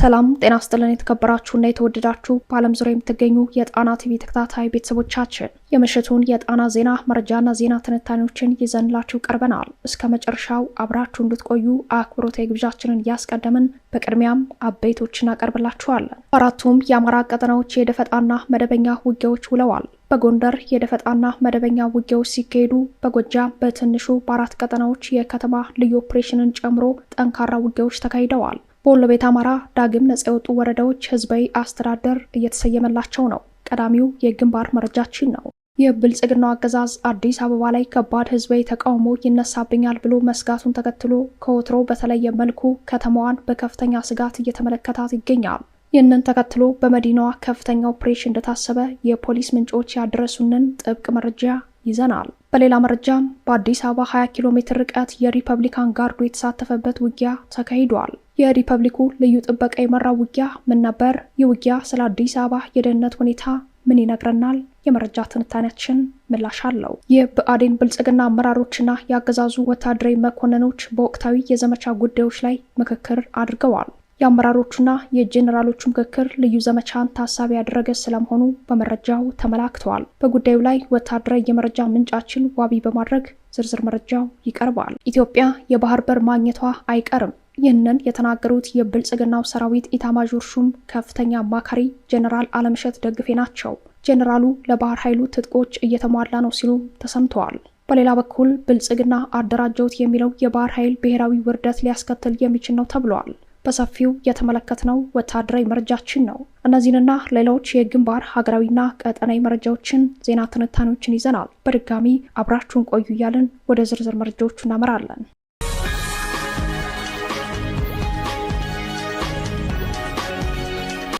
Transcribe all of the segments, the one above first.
ሰላም ጤና ስጥልን። የተከበራችሁና የተወደዳችሁ በዓለም ዙሪያ የምትገኙ የጣና ቲቪ ተከታታይ ቤተሰቦቻችን የምሽቱን የጣና ዜና መረጃና ዜና ትንታኔዎችን ይዘንላችሁ ቀርበናል። እስከ መጨረሻው አብራችሁ እንድትቆዩ አክብሮታዊ ግብዣችንን እያስቀደምን በቅድሚያም አበይቶች እናቀርብላችኋለን። አራቱም የአማራ ቀጠናዎች የደፈጣና መደበኛ ውጊያዎች ውለዋል። በጎንደር የደፈጣና መደበኛ ውጊያዎች ሲካሄዱ፣ በጎጃም በትንሹ በአራት ቀጠናዎች የከተማ ልዩ ኦፕሬሽንን ጨምሮ ጠንካራ ውጊያዎች ተካሂደዋል። በወሎ ቤት አማራ ዳግም ነጻ የወጡ ወረዳዎች ህዝባዊ አስተዳደር እየተሰየመላቸው ነው። ቀዳሚው የግንባር መረጃችን ነው። የብልጽግናው አገዛዝ አዲስ አበባ ላይ ከባድ ህዝባዊ ተቃውሞ ይነሳብኛል ብሎ መስጋቱን ተከትሎ ከወትሮ በተለየ መልኩ ከተማዋን በከፍተኛ ስጋት እየተመለከታት ይገኛል። ይህንን ተከትሎ በመዲናዋ ከፍተኛ ኦፕሬሽን እንደታሰበ የፖሊስ ምንጮች ያደረሱንን ጥብቅ መረጃ ይዘናል። በሌላ መረጃም በአዲስ አበባ 20 ኪሎ ሜትር ርቀት የሪፐብሊካን ጋርዱ የተሳተፈበት ውጊያ ተካሂዷል። የሪፐብሊኩ ልዩ ጥበቃ የመራው ውጊያ ምን ነበር? ይህ ውጊያ ስለ አዲስ አበባ የደህንነት ሁኔታ ምን ይነግረናል? የመረጃ ትንታኔያችን ምላሽ አለው። የብአዴን ብልጽግና አመራሮችና የአገዛዙ ወታደራዊ መኮንኖች በወቅታዊ የዘመቻ ጉዳዮች ላይ ምክክር አድርገዋል። የአመራሮቹና የጄኔራሎቹ ምክክር ልዩ ዘመቻን ታሳቢ ያደረገ ስለመሆኑ በመረጃው ተመላክተዋል። በጉዳዩ ላይ ወታደራዊ የመረጃ ምንጫችን ዋቢ በማድረግ ዝርዝር መረጃው ይቀርባል። ኢትዮጵያ የባህር በር ማግኘቷ አይቀርም። ይህንን የተናገሩት የብልጽግናው ሰራዊት ኢታማዦር ሹም ከፍተኛ አማካሪ ጀኔራል አለምሸት ደግፌ ናቸው። ጀኔራሉ ለባህር ኃይሉ ትጥቆች እየተሟላ ነው ሲሉ ተሰምተዋል። በሌላ በኩል ብልጽግና አደራጀውት የሚለው የባህር ኃይል ብሔራዊ ውርደት ሊያስከትል የሚችል ነው ተብለዋል። በሰፊው የተመለከትነው ወታደራዊ መረጃችን ነው። እነዚህንና ሌሎች የግንባር ሀገራዊና ቀጠናዊ መረጃዎችን፣ ዜና ትንታኔዎችን ይዘናል። በድጋሚ አብራችሁን ቆዩ እያልን ወደ ዝርዝር መረጃዎቹ እናመራለን።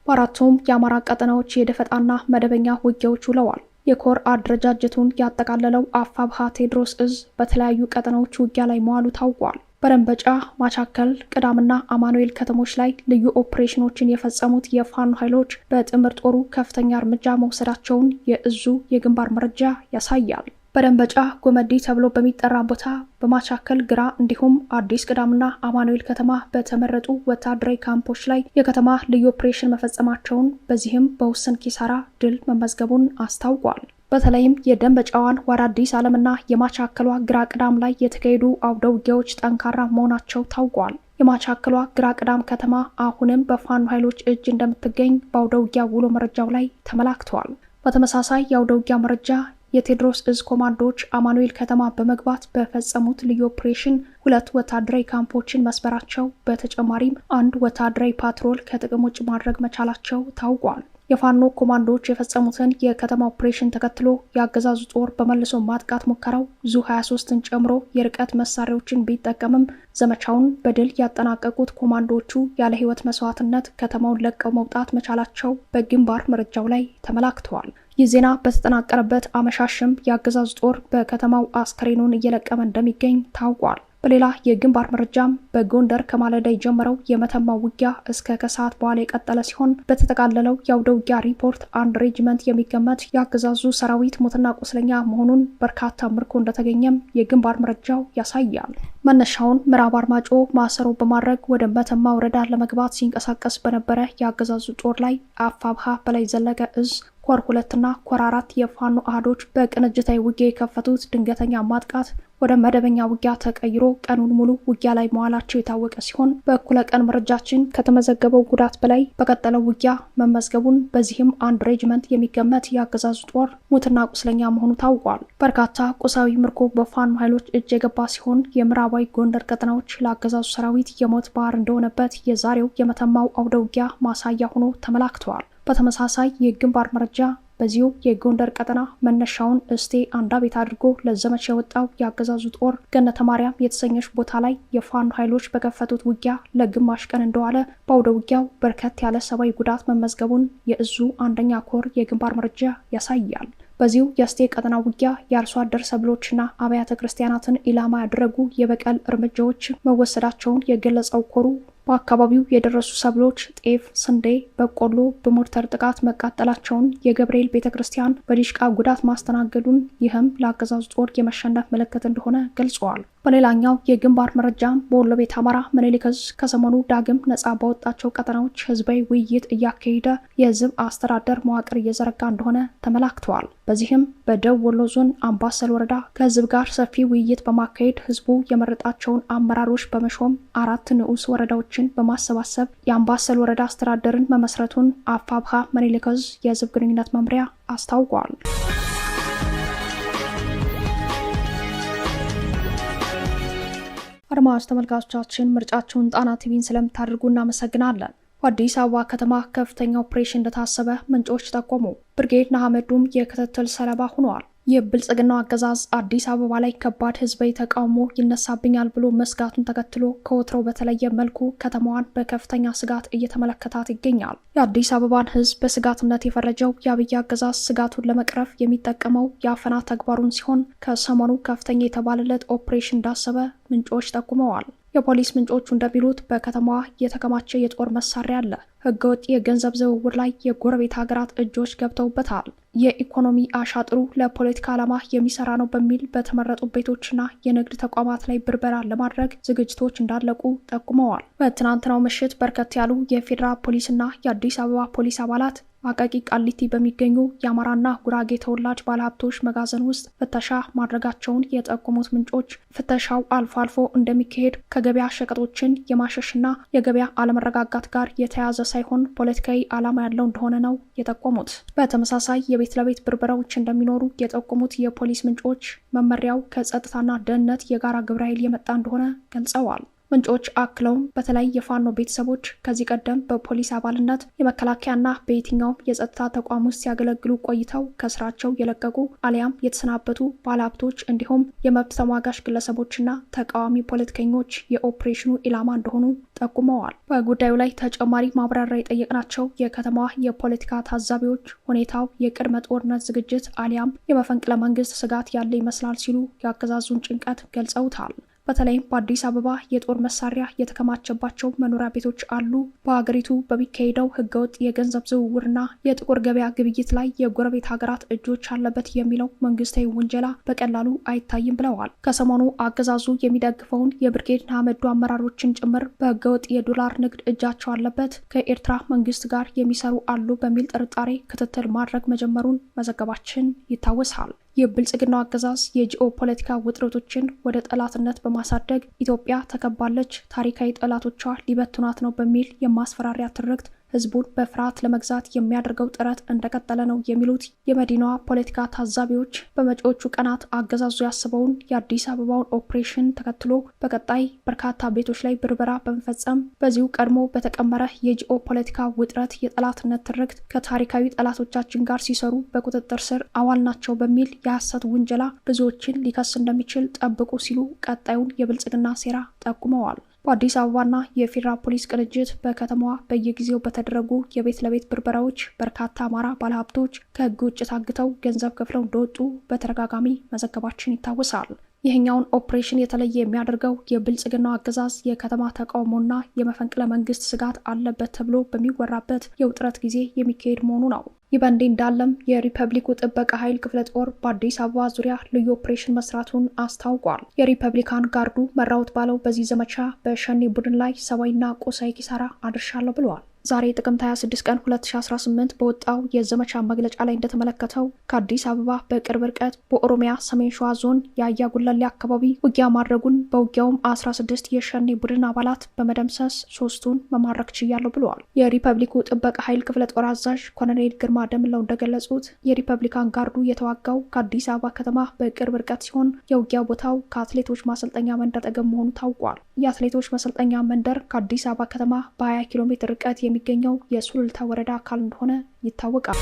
በአራቱም የአማራ ቀጠናዎች የደፈጣና መደበኛ ውጊያዎች ውለዋል። የኮር አደረጃጀቱን ያጠቃለለው አፋብሃ ቴዎድሮስ እዝ በተለያዩ ቀጠናዎች ውጊያ ላይ መዋሉ ታውቋል። በደንበጫ፣ ማቻከል፣ ቅዳምና አማኑኤል ከተሞች ላይ ልዩ ኦፕሬሽኖችን የፈጸሙት የፋኖ ኃይሎች በጥምር ጦሩ ከፍተኛ እርምጃ መውሰዳቸውን የእዙ የግንባር መረጃ ያሳያል። በደንበጫ ጎመዴ ተብሎ በሚጠራ ቦታ በማቻከል ግራ እንዲሁም አዲስ ቅዳምና አማኑኤል ከተማ በተመረጡ ወታደራዊ ካምፖች ላይ የከተማ ልዩ ኦፕሬሽን መፈጸማቸውን በዚህም በውስን ኪሳራ ድል መመዝገቡን አስታውቋል። በተለይም የደንበጫዋን ዋራ አዲስ ዓለምና የማቻከሏ ግራ ቅዳም ላይ የተካሄዱ አውደ ውጊያዎች ጠንካራ መሆናቸው ታውቋል። የማቻከሏ ግራ ቅዳም ከተማ አሁንም በፋኖ ኃይሎች እጅ እንደምትገኝ በአውደ ውጊያ ውሎ መረጃው ላይ ተመላክተዋል። በተመሳሳይ የአውደ ውጊያ መረጃ የቴዎድሮስ እዝ ኮማንዶዎች አማኑኤል ከተማ በመግባት በፈጸሙት ልዩ ኦፕሬሽን ሁለት ወታደራዊ ካምፖችን መስበራቸው፣ በተጨማሪም አንድ ወታደራዊ ፓትሮል ከጥቅም ውጭ ማድረግ መቻላቸው ታውቋል። የፋኖ ኮማንዶዎች የፈጸሙትን የከተማ ኦፕሬሽን ተከትሎ የአገዛዙ ጦር በመልሶ ማጥቃት ሙከራው ዙ 23ን ጨምሮ የርቀት መሳሪያዎችን ቢጠቀምም ዘመቻውን በድል ያጠናቀቁት ኮማንዶዎቹ ያለ ሕይወት መስዋዕትነት ከተማውን ለቀው መውጣት መቻላቸው በግንባር መረጃው ላይ ተመላክተዋል። ይህ ዜና በተጠናቀረበት አመሻሽም የአገዛዙ ጦር በከተማው አስከሬኑን እየለቀመ እንደሚገኝ ታውቋል። በሌላ የግንባር መረጃም በጎንደር ከማለዳ የጀመረው የመተማ ውጊያ እስከ ከሰዓት በኋላ የቀጠለ ሲሆን በተጠቃለለው የአውደ ውጊያ ሪፖርት አንድ ሬጅመንት የሚገመት የአገዛዙ ሰራዊት ሞትና ቁስለኛ መሆኑን፣ በርካታ ምርኮ እንደተገኘም የግንባር መረጃው ያሳያል። መነሻውን ምዕራብ አርማጮ ማሰሮ በማድረግ ወደ መተማ ወረዳ ለመግባት ሲንቀሳቀስ በነበረ የአገዛዙ ጦር ላይ አፋብሃ በላይ ዘለቀ እዝ ኮር ሁለትና ኮር አራት የፋኖ አህዶች በቅንጅታዊ ውጊያ የከፈቱት ድንገተኛ ማጥቃት ወደ መደበኛ ውጊያ ተቀይሮ ቀኑን ሙሉ ውጊያ ላይ መዋላቸው የታወቀ ሲሆን በእኩለ ቀን መረጃችን ከተመዘገበው ጉዳት በላይ በቀጠለው ውጊያ መመዝገቡን፣ በዚህም አንድ ሬጅመንት የሚገመት የአገዛዙ ጦር ሙትና ቁስለኛ መሆኑ ታውቋል። በርካታ ቁሳዊ ምርኮ በፋኖ ኃይሎች እጅ የገባ ሲሆን የምዕራባዊ ጎንደር ቀጠናዎች ለአገዛዙ ሰራዊት የሞት ባህር እንደሆነበት የዛሬው የመተማው አውደ ውጊያ ማሳያ ሆኖ ተመላክተዋል። በተመሳሳይ የግንባር መረጃ በዚሁ የጎንደር ቀጠና መነሻውን እስቴ አንዳቤት አድርጎ ለዘመቻ የወጣው የአገዛዙ ጦር ገነተ ማርያም የተሰኘች ቦታ ላይ የፋኖ ኃይሎች በከፈቱት ውጊያ ለግማሽ ቀን እንደዋለ በአውደ ውጊያው በርከት ያለ ሰብአዊ ጉዳት መመዝገቡን የእዙ አንደኛ ኮር የግንባር መረጃ ያሳያል። በዚሁ የእስቴ ቀጠና ውጊያ የአርሶ አደር ሰብሎችና አብያተ ክርስቲያናትን ኢላማ ያደረጉ የበቀል እርምጃዎች መወሰዳቸውን የገለጸው ኮሩ በአካባቢው የደረሱ ሰብሎች ጤፍ፣ ስንዴ፣ በቆሎ በሞርተር ጥቃት መቃጠላቸውን፣ የገብርኤል ቤተ ክርስቲያን በዲሽቃ ጉዳት ማስተናገዱን ይህም ለአገዛዙ ጦር የመሸነፍ ምልክት እንደሆነ ገልጸዋል። በሌላኛው የግንባር መረጃ በወሎ ቤት አማራ ምኒልክ ከሰሞኑ ዳግም ነጻ ባወጣቸው ቀጠናዎች ህዝባዊ ውይይት እያካሄደ የህዝብ አስተዳደር መዋቅር እየዘረጋ እንደሆነ ተመላክተዋል። በዚህም በደቡብ ወሎ ዞን አምባሰል ወረዳ ከህዝብ ጋር ሰፊ ውይይት በማካሄድ ህዝቡ የመረጣቸውን አመራሮች በመሾም አራት ንዑስ ወረዳዎች ሰዎችን በማሰባሰብ የአምባሰል ወረዳ አስተዳደርን መመስረቱን አፋብሃ መኔሊከዝ የህዝብ ግንኙነት መምሪያ አስታውቋል። አድማጭ ተመልካቾቻችን ምርጫችሁን ጣና ቲቪን ስለምታደርጉ እናመሰግናለን። በአዲስ አበባ ከተማ ከፍተኛ ኦፕሬሽን እንደታሰበ ምንጮች ጠቆሙ። ብርጌድ ንሓመዱም የክትትል ሰለባ ሆነዋል። የብልጽግናው አገዛዝ አዲስ አበባ ላይ ከባድ ህዝባዊ ተቃውሞ ይነሳብኛል ብሎ መስጋቱን ተከትሎ ከወትሮው በተለየ መልኩ ከተማዋን በከፍተኛ ስጋት እየተመለከታት ይገኛል። የአዲስ አበባን ህዝብ በስጋትነት የፈረጀው የአብይ አገዛዝ ስጋቱን ለመቅረፍ የሚጠቀመው የአፈና ተግባሩን ሲሆን ከሰሞኑ ከፍተኛ የተባለለት ኦፕሬሽን እንዳሰበ ምንጮች ጠቁመዋል። የፖሊስ ምንጮቹ እንደሚሉት በከተማዋ የተከማቸ የጦር መሳሪያ አለ። ህገወጥ የገንዘብ ዝውውር ላይ የጎረቤት ሀገራት እጆች ገብተውበታል። የኢኮኖሚ አሻጥሩ ለፖለቲካ ዓላማ የሚሰራ ነው በሚል በተመረጡ ቤቶችና የንግድ ተቋማት ላይ ብርበራ ለማድረግ ዝግጅቶች እንዳለቁ ጠቁመዋል። በትናንትናው ምሽት በርከት ያሉ የፌዴራል ፖሊስና የአዲስ አበባ ፖሊስ አባላት አቃቂ ቃሊቲ በሚገኙ የአማራና ጉራጌ ተወላጅ ባለሀብቶች መጋዘን ውስጥ ፍተሻ ማድረጋቸውን የጠቆሙት ምንጮች ፍተሻው አልፎ አልፎ እንደሚካሄድ ከገበያ ሸቀጦችን የማሸሽና የገበያ አለመረጋጋት ጋር የተያያዘ ሳይሆን ፖለቲካዊ ዓላማ ያለው እንደሆነ ነው የጠቆሙት። በተመሳሳይ የቤት ለቤት ብርበራዎች እንደሚኖሩ የጠቆሙት የፖሊስ ምንጮች መመሪያው ከጸጥታና ደህንነት የጋራ ግብረ ኃይል የመጣ እንደሆነ ገልጸዋል። ምንጮች አክለውም በተለይ የፋኖ ቤተሰቦች ከዚህ ቀደም በፖሊስ አባልነት የመከላከያና በየትኛውም የጸጥታ ተቋም ውስጥ ሲያገለግሉ ቆይተው ከስራቸው የለቀቁ አሊያም የተሰናበቱ ባለሀብቶች እንዲሁም የመብት ተሟጋች ግለሰቦችና ተቃዋሚ ፖለቲከኞች የኦፕሬሽኑ ኢላማ እንደሆኑ ጠቁመዋል። በጉዳዩ ላይ ተጨማሪ ማብራሪያ የጠየቅናቸው የከተማዋ የፖለቲካ ታዛቢዎች ሁኔታው የቅድመ ጦርነት ዝግጅት አሊያም የመፈንቅለ መንግስት ስጋት ያለ ይመስላል ሲሉ የአገዛዙን ጭንቀት ገልጸውታል። በተለይም በአዲስ አበባ የጦር መሳሪያ የተከማቸባቸው መኖሪያ ቤቶች አሉ። በሀገሪቱ በሚካሄደው ህገወጥ የገንዘብ ዝውውርና የጥቁር ገበያ ግብይት ላይ የጎረቤት ሀገራት እጆች አለበት የሚለው መንግስታዊ ውንጀላ በቀላሉ አይታይም ብለዋል። ከሰሞኑ አገዛዙ የሚደግፈውን የብርጌድ ንሓመዱ አመራሮችን ጭምር በህገወጥ የዶላር ንግድ እጃቸው አለበት፣ ከኤርትራ መንግስት ጋር የሚሰሩ አሉ በሚል ጥርጣሬ ክትትል ማድረግ መጀመሩን መዘገባችን ይታወሳል። የብልጽግናው አገዛዝ የጂኦ ፖለቲካ ውጥረቶችን ወደ ጠላትነት በማሳደግ ኢትዮጵያ ተከባለች፣ ታሪካዊ ጠላቶቿ ሊበትኗት ነው በሚል የማስፈራሪያ ትርክት ህዝቡን በፍርሃት ለመግዛት የሚያደርገው ጥረት እንደቀጠለ ነው የሚሉት የመዲናዋ ፖለቲካ ታዛቢዎች በመጪዎቹ ቀናት አገዛዙ ያስበውን የአዲስ አበባውን ኦፕሬሽን ተከትሎ በቀጣይ በርካታ ቤቶች ላይ ብርበራ በመፈጸም በዚሁ ቀድሞ በተቀመረ የጂኦ ፖለቲካ ውጥረት የጠላትነት ትርክት ከታሪካዊ ጠላቶቻችን ጋር ሲሰሩ በቁጥጥር ስር አዋል ናቸው በሚል የሐሰት ውንጀላ ብዙዎችን ሊከስ እንደሚችል ጠብቁ ሲሉ ቀጣዩን የብልጽግና ሴራ ጠቁመዋል። በአዲስ አበባና የፌዴራል ፖሊስ ቅንጅት በከተማዋ በየጊዜው በተደረጉ የቤት ለቤት ብርበራዎች በርካታ አማራ ባለሀብቶች ከህግ ውጭ ታግተው ገንዘብ ከፍለው እንደወጡ በተደጋጋሚ መዘገባችን ይታወሳል። ይህኛውን ኦፕሬሽን የተለየ የሚያደርገው የብልጽግናው አገዛዝ የከተማ ተቃውሞና የመፈንቅለ መንግስት ስጋት አለበት ተብሎ በሚወራበት የውጥረት ጊዜ የሚካሄድ መሆኑ ነው። ይህ በእንዲህ እንዳለም የሪፐብሊኩ ጥበቃ ኃይል ክፍለ ጦር በአዲስ አበባ ዙሪያ ልዩ ኦፕሬሽን መስራቱን አስታውቋል። የሪፐብሊካን ጋርዱ መራውት ባለው በዚህ ዘመቻ በሸኔ ቡድን ላይ ሰብአዊና ቁሳዊ ኪሳራ አድርሻለሁ ብለዋል። ዛሬ ጥቅምት 26 ቀን 2018 በወጣው የዘመቻ መግለጫ ላይ እንደተመለከተው ከአዲስ አበባ በቅርብ ርቀት በኦሮሚያ ሰሜን ሸዋ ዞን የአያ ጉላሌ አካባቢ ውጊያ ማድረጉን በውጊያውም 16 የሸኔ ቡድን አባላት በመደምሰስ ሶስቱን መማረክ ችያለሁ ብለዋል። የሪፐብሊኩ ጥበቃ ኃይል ክፍለ ጦር አዛዥ ኮሎኔል ግርማ ደምለው እንደገለጹት የሪፐብሊካን ጋርዱ የተዋጋው ከአዲስ አበባ ከተማ በቅርብ ርቀት ሲሆን የውጊያ ቦታው ከአትሌቶች ማሰልጠኛ መንደር ጠገብ መሆኑ ታውቋል። የአትሌቶች ማሰልጠኛ መንደር ከአዲስ አበባ ከተማ በ20 ኪሎ ሜትር ርቀት የሚገኘው የሱሉልታ ወረዳ አካል እንደሆነ ይታወቃል።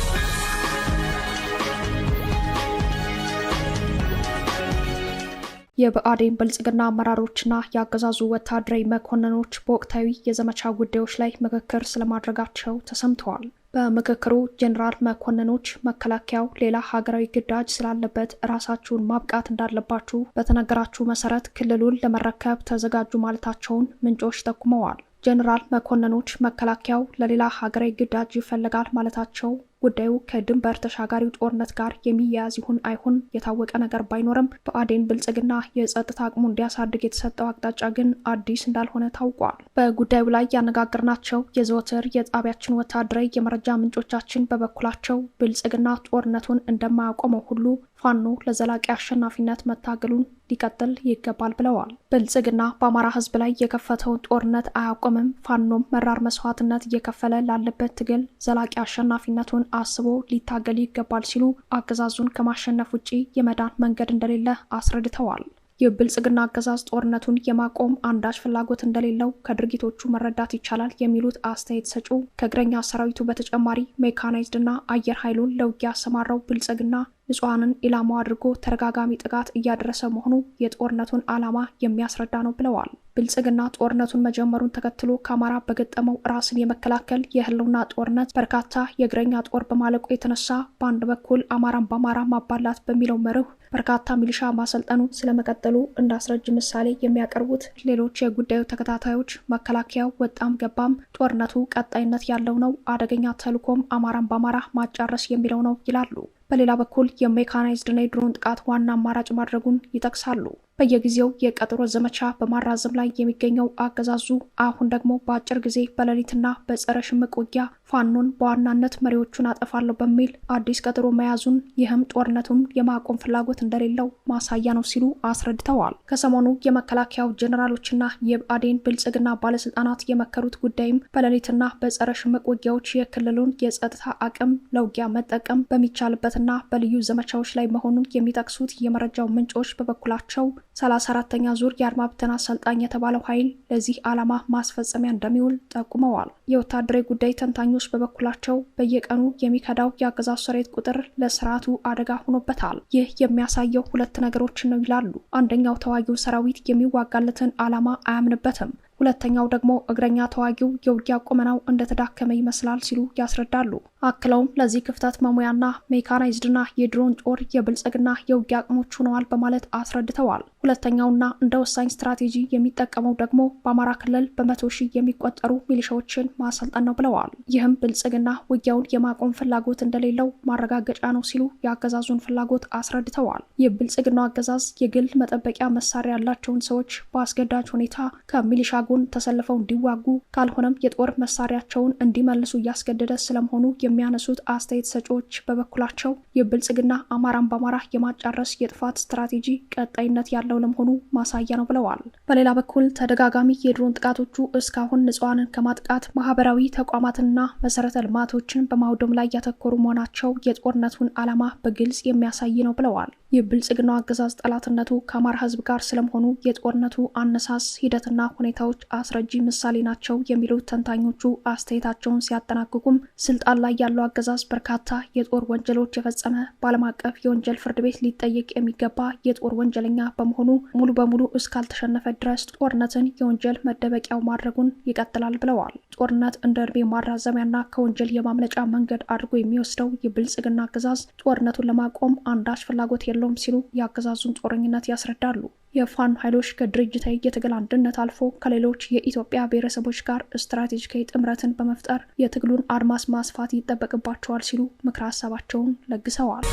የብአዴን ብልጽግና አመራሮችና የአገዛዙ ወታደራዊ መኮንኖች በወቅታዊ የዘመቻ ጉዳዮች ላይ ምክክር ስለማድረጋቸው ተሰምተዋል። በምክክሩ ጀኔራል መኮንኖች መከላከያው ሌላ ሀገራዊ ግዳጅ ስላለበት ራሳችሁን ማብቃት እንዳለባችሁ በተነገራችሁ መሰረት ክልሉን ለመረከብ ተዘጋጁ ማለታቸውን ምንጮች ጠቁመዋል። ጀኔራል መኮንኖች መከላከያው ለሌላ ሀገራዊ ግዳጅ ይፈልጋል ማለታቸው ጉዳዩ ከድንበር ተሻጋሪው ጦርነት ጋር የሚያያዝ ይሁን አይሁን የታወቀ ነገር ባይኖርም በአዴን ብልጽግና የጸጥታ አቅሙ እንዲያሳድግ የተሰጠው አቅጣጫ ግን አዲስ እንዳልሆነ ታውቋል። በጉዳዩ ላይ ያነጋገርናቸው የዘወትር የጣቢያችን ወታደራዊ የመረጃ ምንጮቻችን በበኩላቸው ብልጽግና ጦርነቱን እንደማያቆመው ሁሉ ፋኖ ለዘላቂ አሸናፊነት መታገሉን ሊቀጥል ይገባል ብለዋል። ብልጽግና በአማራ ሕዝብ ላይ የከፈተውን ጦርነት አያቆምም። ፋኖም መራር መስዋዕትነት እየከፈለ ላለበት ትግል ዘላቂ አሸናፊነቱን አስቦ ሊታገል ይገባል ሲሉ አገዛዙን ከማሸነፍ ውጪ የመዳን መንገድ እንደሌለ አስረድተዋል። የብልጽግና አገዛዝ ጦርነቱን የማቆም አንዳች ፍላጎት እንደሌለው ከድርጊቶቹ መረዳት ይቻላል የሚሉት አስተያየት ሰጪው ከእግረኛ ሰራዊቱ በተጨማሪ ሜካናይዝድና አየር ኃይሉን ለውጊያ ያሰማራው ብልጽግና ንጹሐንን ኢላማው አድርጎ ተደጋጋሚ ጥቃት እያደረሰ መሆኑ የጦርነቱን ዓላማ የሚያስረዳ ነው ብለዋል። ብልጽግና ጦርነቱን መጀመሩን ተከትሎ ከአማራ በገጠመው ራስን የመከላከል የህልውና ጦርነት በርካታ የእግረኛ ጦር በማለቁ የተነሳ በአንድ በኩል አማራን በአማራ ማባላት በሚለው መርህ በርካታ ሚሊሻ ማሰልጠኑ ስለመቀጠሉ እንደ አስረጅ ምሳሌ የሚያቀርቡት ሌሎች የጉዳዩ ተከታታዮች መከላከያው ወጣም ገባም ጦርነቱ ቀጣይነት ያለው ነው፣ አደገኛ ተልኮም አማራን በአማራ ማጫረስ የሚለው ነው ይላሉ። በሌላ በኩል የሜካናይዝድና የድሮን ጥቃት ዋና አማራጭ ማድረጉን ይጠቅሳሉ። በየጊዜው የቀጠሮ ዘመቻ በማራዘም ላይ የሚገኘው አገዛዙ አሁን ደግሞ በአጭር ጊዜ በሌሊትና በጸረ ሽምቅ ውጊያ ፋኖን በዋናነት መሪዎቹን አጠፋለሁ በሚል አዲስ ቀጠሮ መያዙን ይህም ጦርነቱን የማቆም ፍላጎት እንደሌለው ማሳያ ነው ሲሉ አስረድተዋል። ከሰሞኑ የመከላከያው ጀኔራሎችና የብአዴን ብልጽግና ባለስልጣናት የመከሩት ጉዳይም በሌሊትና በጸረ ሽምቅ ውጊያዎች የክልሉን የጸጥታ አቅም ለውጊያ መጠቀም በሚቻልበትና በልዩ ዘመቻዎች ላይ መሆኑን የሚጠቅሱት የመረጃው ምንጮች በበኩላቸው 34ተኛ ዙር የአድማ ብተና አሰልጣኝ የተባለው ኃይል ለዚህ ዓላማ ማስፈጸሚያ እንደሚውል ጠቁመዋል። የወታደራዊ ጉዳይ ተንታኞች በበኩላቸው በየቀኑ የሚከዳው የአገዛዙ ሰራዊት ቁጥር ለስርዓቱ አደጋ ሆኖበታል። ይህ የሚያሳየው ሁለት ነገሮችን ነው ይላሉ። አንደኛው ተዋጊው ሰራዊት የሚዋጋለትን ዓላማ አያምንበትም። ሁለተኛው ደግሞ እግረኛ ተዋጊው የውጊያ ቁመናው እንደተዳከመ ይመስላል ሲሉ ያስረዳሉ። አክለውም ለዚህ ክፍተት መሙያና ሜካናይዝድና የድሮን ጦር የብልጽግና የውጊያ አቅሞች ሆነዋል በማለት አስረድተዋል። ሁለተኛውና እንደ ወሳኝ ስትራቴጂ የሚጠቀመው ደግሞ በአማራ ክልል በመቶ ሺህ የሚቆጠሩ ሚሊሻዎችን ማሰልጠን ነው ብለዋል። ይህም ብልጽግና ውጊያውን የማቆም ፍላጎት እንደሌለው ማረጋገጫ ነው ሲሉ የአገዛዙን ፍላጎት አስረድተዋል። የብልጽግናው አገዛዝ የግል መጠበቂያ መሳሪያ ያላቸውን ሰዎች በአስገዳጅ ሁኔታ ከሚሊሻ ጎን ተሰልፈው እንዲዋጉ ካልሆነም የጦር መሳሪያቸውን እንዲመልሱ እያስገደደ ስለመሆኑ የሚያነሱት አስተያየት ሰጪዎች በበኩላቸው የብልጽግና አማራን በአማራ የማጫረስ የጥፋት ስትራቴጂ ቀጣይነት ያለው ለመሆኑ ማሳያ ነው ብለዋል። በሌላ በኩል ተደጋጋሚ የድሮን ጥቃቶቹ እስካሁን ንጹሐንን ከማጥቃት ማህበራዊ ተቋማትንና መሰረተ ልማቶችን በማውደም ላይ ያተኮሩ መሆናቸው የጦርነቱን ዓላማ በግልጽ የሚያሳይ ነው ብለዋል። የብልጽግናው አገዛዝ ጠላትነቱ ከአማራ ሕዝብ ጋር ስለመሆኑ የጦርነቱ አነሳስ ሂደትና ሁኔታዎች አስረጂ ምሳሌ ናቸው የሚሉት ተንታኞቹ አስተያየታቸውን ሲያጠናቅቁም ስልጣን ላይ ያለው አገዛዝ በርካታ የጦር ወንጀሎች የፈጸመ በዓለም አቀፍ የወንጀል ፍርድ ቤት ሊጠየቅ የሚገባ የጦር ወንጀለኛ በመሆኑ ሙሉ በሙሉ እስካልተሸነፈ ድረስ ጦርነትን የወንጀል መደበቂያው ማድረጉን ይቀጥላል ብለዋል። ጦርነት እንደ እድሜ ማራዘሚያና ከወንጀል የማምለጫ መንገድ አድርጎ የሚወስደው የብልጽግና አገዛዝ ጦርነቱን ለማቆም አንዳች ፍላጎት የለውም ሲሉ የአገዛዙን ጦረኝነት ያስረዳሉ። የፋኖ ኃይሎች ከድርጅታዊ የትግል አንድነት አልፎ ከሌሎች የኢትዮጵያ ብሔረሰቦች ጋር ስትራቴጂካዊ ጥምረትን በመፍጠር የትግሉን አድማስ ማስፋት ይጠበቅባቸዋል ሲሉ ምክረ ሀሳባቸውን ለግሰዋል።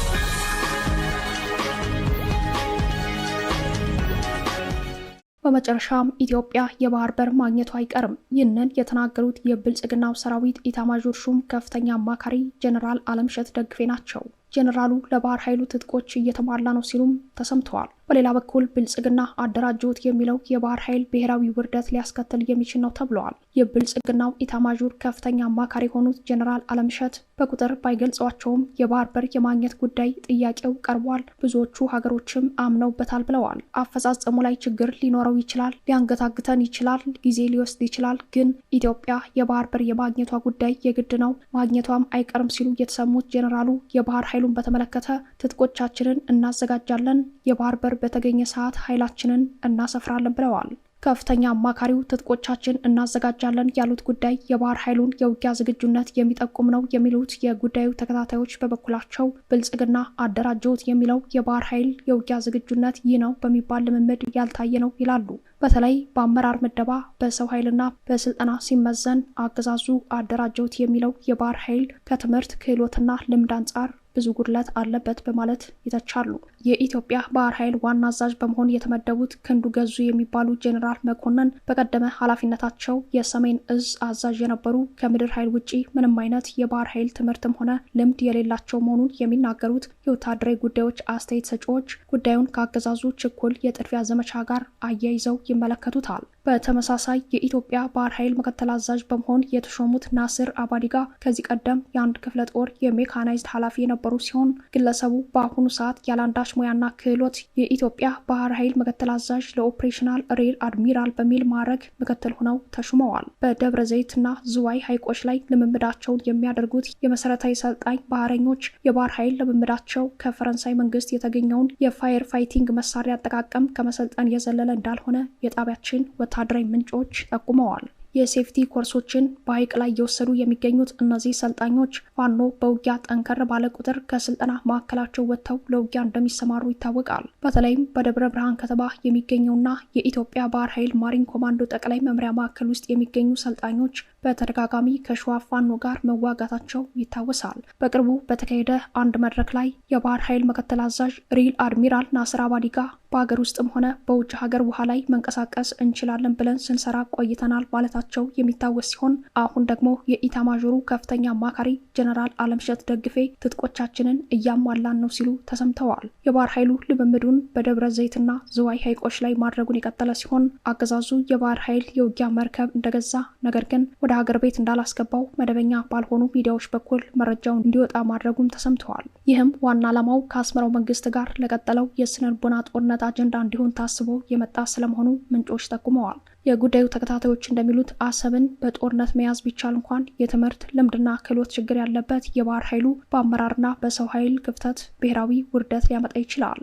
በመጨረሻም ኢትዮጵያ የባህር በር ማግኘቱ አይቀርም። ይህንን የተናገሩት የብልጽግናው ሰራዊት ኢታማዦር ሹም ከፍተኛ አማካሪ ጀኔራል አለምሸት ደግፌ ናቸው። ጄኔራሉ ለባህር ኃይሉ ትጥቆች እየተሟላ ነው ሲሉም ተሰምተዋል። በሌላ በኩል ብልጽግና አደራጀሁት የሚለው የባህር ኃይል ብሔራዊ ውርደት ሊያስከትል የሚችል ነው ተብለዋል። የብልጽግናው ኢታማዦር ከፍተኛ አማካሪ የሆኑት ጄኔራል አለምሸት በቁጥር ባይገልጿቸውም የባህር በር የማግኘት ጉዳይ ጥያቄው ቀርቧል፣ ብዙዎቹ ሀገሮችም አምነውበታል ብለዋል። አፈጻጸሙ ላይ ችግር ሊኖረው ይችላል፣ ሊያንገታግተን ይችላል፣ ጊዜ ሊወስድ ይችላል። ግን ኢትዮጵያ የባህር በር የማግኘቷ ጉዳይ የግድ ነው፣ ማግኘቷም አይቀርም ሲሉ የተሰሙት ጄኔራሉ የባህር ኃይሉ ኃይሉን በተመለከተ ትጥቆቻችንን እናዘጋጃለን፣ የባህር በር በተገኘ ሰዓት ኃይላችንን እናሰፍራለን ብለዋል። ከፍተኛ አማካሪው ትጥቆቻችን እናዘጋጃለን ያሉት ጉዳይ የባህር ኃይሉን የውጊያ ዝግጁነት የሚጠቁም ነው የሚሉት የጉዳዩ ተከታታዮች በበኩላቸው ብልጽግና አደራጀውት የሚለው የባህር ኃይል የውጊያ ዝግጁነት ይህ ነው በሚባል ልምምድ ያልታየ ነው ይላሉ። በተለይ በአመራር ምደባ፣ በሰው ኃይልና በስልጠና ሲመዘን አገዛዙ አደራጀውት የሚለው የባህር ኃይል ከትምህርት ክህሎትና ልምድ አንጻር ብዙ ጉድለት አለበት በማለት ይተቻሉ። የኢትዮጵያ ባህር ኃይል ዋና አዛዥ በመሆን የተመደቡት ክንዱ ገዙ የሚባሉ ጄኔራል መኮንን በቀደመ ኃላፊነታቸው የሰሜን እዝ አዛዥ የነበሩ ከምድር ኃይል ውጪ ምንም አይነት የባህር ኃይል ትምህርትም ሆነ ልምድ የሌላቸው መሆኑን የሚናገሩት የወታደራዊ ጉዳዮች አስተያየት ሰጪዎች ጉዳዩን ከአገዛዙ ችኩል የጥድፊያ ዘመቻ ጋር አያይዘው ይመለከቱታል። በተመሳሳይ የኢትዮጵያ ባህር ኃይል ምክትል አዛዥ በመሆን የተሾሙት ናስር አባዲጋ ከዚህ ቀደም የአንድ ክፍለ ጦር የሜካናይዝድ ኃላፊ የነበሩ ሲሆን ግለሰቡ በአሁኑ ሰዓት ያለአንዳች ሙያና ክህሎት የኢትዮጵያ ባህር ኃይል ምክትል አዛዥ ለኦፕሬሽናል ሬር አድሚራል በሚል ማዕረግ ምክትል ሆነው ተሹመዋል። በደብረ ዘይትና ዝዋይ ሐይቆች ላይ ልምምዳቸውን የሚያደርጉት የመሰረታዊ ሰልጣኝ ባህረኞች የባህር ኃይል ልምምዳቸው ከፈረንሳይ መንግስት የተገኘውን የፋየር ፋይቲንግ መሳሪያ አጠቃቀም ከመሰልጠን የዘለለ እንዳልሆነ የጣቢያችን ወታደራዊ ምንጮች ጠቁመዋል። የሴፍቲ ኮርሶችን በሀይቅ ላይ እየወሰዱ የሚገኙት እነዚህ ሰልጣኞች ፋኖ በውጊያ ጠንከር ባለ ቁጥር ከስልጠና ማዕከላቸው ወጥተው ለውጊያ እንደሚሰማሩ ይታወቃል። በተለይም በደብረ ብርሃን ከተማ የሚገኘውና የኢትዮጵያ ባህር ኃይል ማሪን ኮማንዶ ጠቅላይ መምሪያ ማዕከል ውስጥ የሚገኙ ሰልጣኞች በተደጋጋሚ ከሸዋ ፋኖ ጋር መዋጋታቸው ይታወሳል። በቅርቡ በተካሄደ አንድ መድረክ ላይ የባህር ኃይል ምክትል አዛዥ ሪል አድሚራል ናስር አባዲ ጋር በሀገር ውስጥም ሆነ በውጭ ሀገር ውሃ ላይ መንቀሳቀስ እንችላለን ብለን ስንሰራ ቆይተናል ማለታቸው የሚታወስ ሲሆን አሁን ደግሞ የኢታማዦሩ ከፍተኛ አማካሪ ጀነራል አለምሸት ደግፌ ትጥቆቻችንን እያሟላን ነው ሲሉ ተሰምተዋል። የባህር ኃይሉ ልምምዱን በደብረ ዘይትና ዝዋይ ሐይቆች ላይ ማድረጉን የቀጠለ ሲሆን አገዛዙ የባህር ኃይል የውጊያ መርከብ እንደገዛ ነገር ግን ወደ ሀገር ቤት እንዳላስገባው መደበኛ ባልሆኑ ሚዲያዎች በኩል መረጃው እንዲወጣ ማድረጉም ተሰምተዋል። ይህም ዋና ዓላማው ከአስመራው መንግስት ጋር ለቀጠለው የስነ ልቦና ጦርነት አጀንዳ እንዲሆን ታስቦ የመጣ ስለመሆኑ ምንጮች ጠቁመዋል። የጉዳዩ ተከታታዮች እንደሚሉት አሰብን በጦርነት መያዝ ቢቻል እንኳን የትምህርት ልምድና ክህሎት ችግር ያለበት የባህር ኃይሉ በአመራርና በሰው ኃይል ክፍተት ብሔራዊ ውርደት ሊያመጣ ይችላል።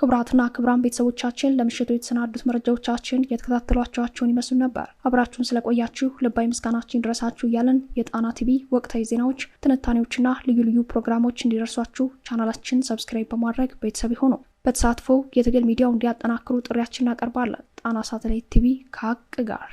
ክቡራትና ክቡራን ቤተሰቦቻችን ለምሽቱ የተሰናዱት መረጃዎቻችን የተከታተሏቸኋቸውን ይመስሉ ነበር። አብራችሁን ስለቆያችሁ ልባዊ ምስጋናችን ይድረሳችሁ እያለን የጣና ቲቪ ወቅታዊ ዜናዎች፣ ትንታኔዎችና ልዩ ልዩ ፕሮግራሞች እንዲደርሷችሁ ቻናላችን ሰብስክራይብ በማድረግ ቤተሰብ ይሆኑ በተሳትፎ የትግል ሚዲያው እንዲያጠናክሩ ጥሪያችን እናቀርባለን። ጣና ሳተላይት ቲቪ ከሀቅ ጋር